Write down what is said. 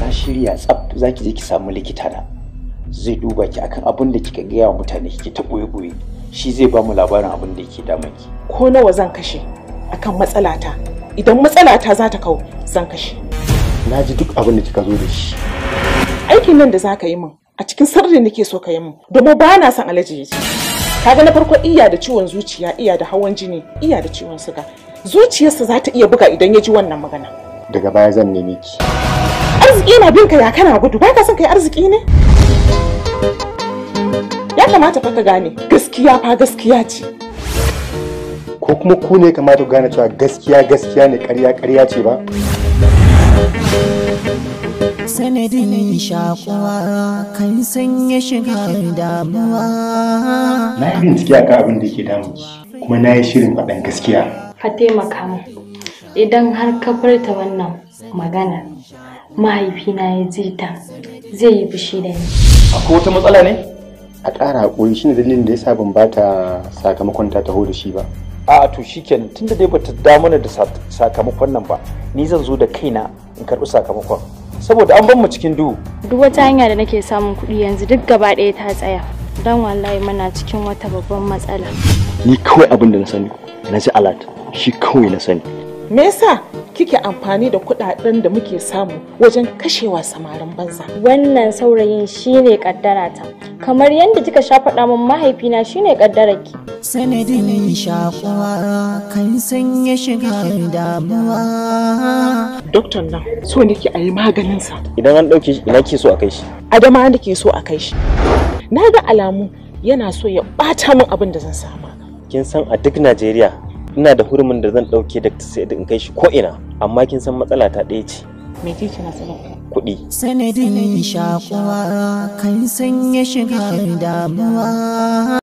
na shirya tsaf za ki je ki samu likita na zai duba ki akan abin da kika gaya wa mutane kike ta goye shi zai ba mu labarin abin da yake damun ki ko nawa zan kashe akan matsalata idan matsalata za ta kau zan kashe na ji duk abin da kika zo da shi aikin nan da za ka yi min a cikin sirri nake so ka yi min domin ba na son alaji ya kaga na farko iya da ciwon zuciya iya da hawan jini iya da ciwon suga zuciyarsa za ta iya buga idan ya ji wannan magana daga baya zan nemi ki arziki na bin ka ya kana gudu ba ka son kai arziki ne ya kamata fa ka gane gaskiya fa gaskiya ce ko kuma ku ne kamata ku gane cewa gaskiya gaskiya ne ƙarya ƙarya ce ba sanadin shakuwa kan sanya shiga damuwa na yi bincike akan abin da ke damu kuma na yi shirin faɗan gaskiya ka taimaka mu idan har ka furta wannan magana mahaifina ya ji ta zai yi fushi da ni akwai wata matsala ne a ƙara haƙuri shine dalilin da yasa ban bata sakamakon ta taho da shi ba a to kenan, tunda dai bata da mana da sakamakon nan ba ni zan zo da kaina in karɓi sakamakon saboda an ban mu cikin duhu duk wata hanya da nake samun kuɗi yanzu duk gaba ɗaya ta tsaya dan wallahi muna cikin wata babban matsala ni kawai abin da na sani na ji alat shi kawai na sani me yasa kike amfani da kudaden da muke samu wajen kashewa samarin banza wannan saurayin shine ta. kamar yadda kika sha faɗa min mahaifina shine ki sanadin shakuwa kan sanya shiga damuwa doktor nan so nake a yi maganin sa idan an dauke shi ina ke so a kai shi adama da ke so a kai shi na ga alamu yana so ya bata min abin da zan sama kin san a duk najeriya ina da hurumin da zan ɗauke da in kai shi ko ina amma kin san matsala ta ɗaya ce mece ce matsalar kuɗi sanadin shakuwa kan sanya shiga damuwa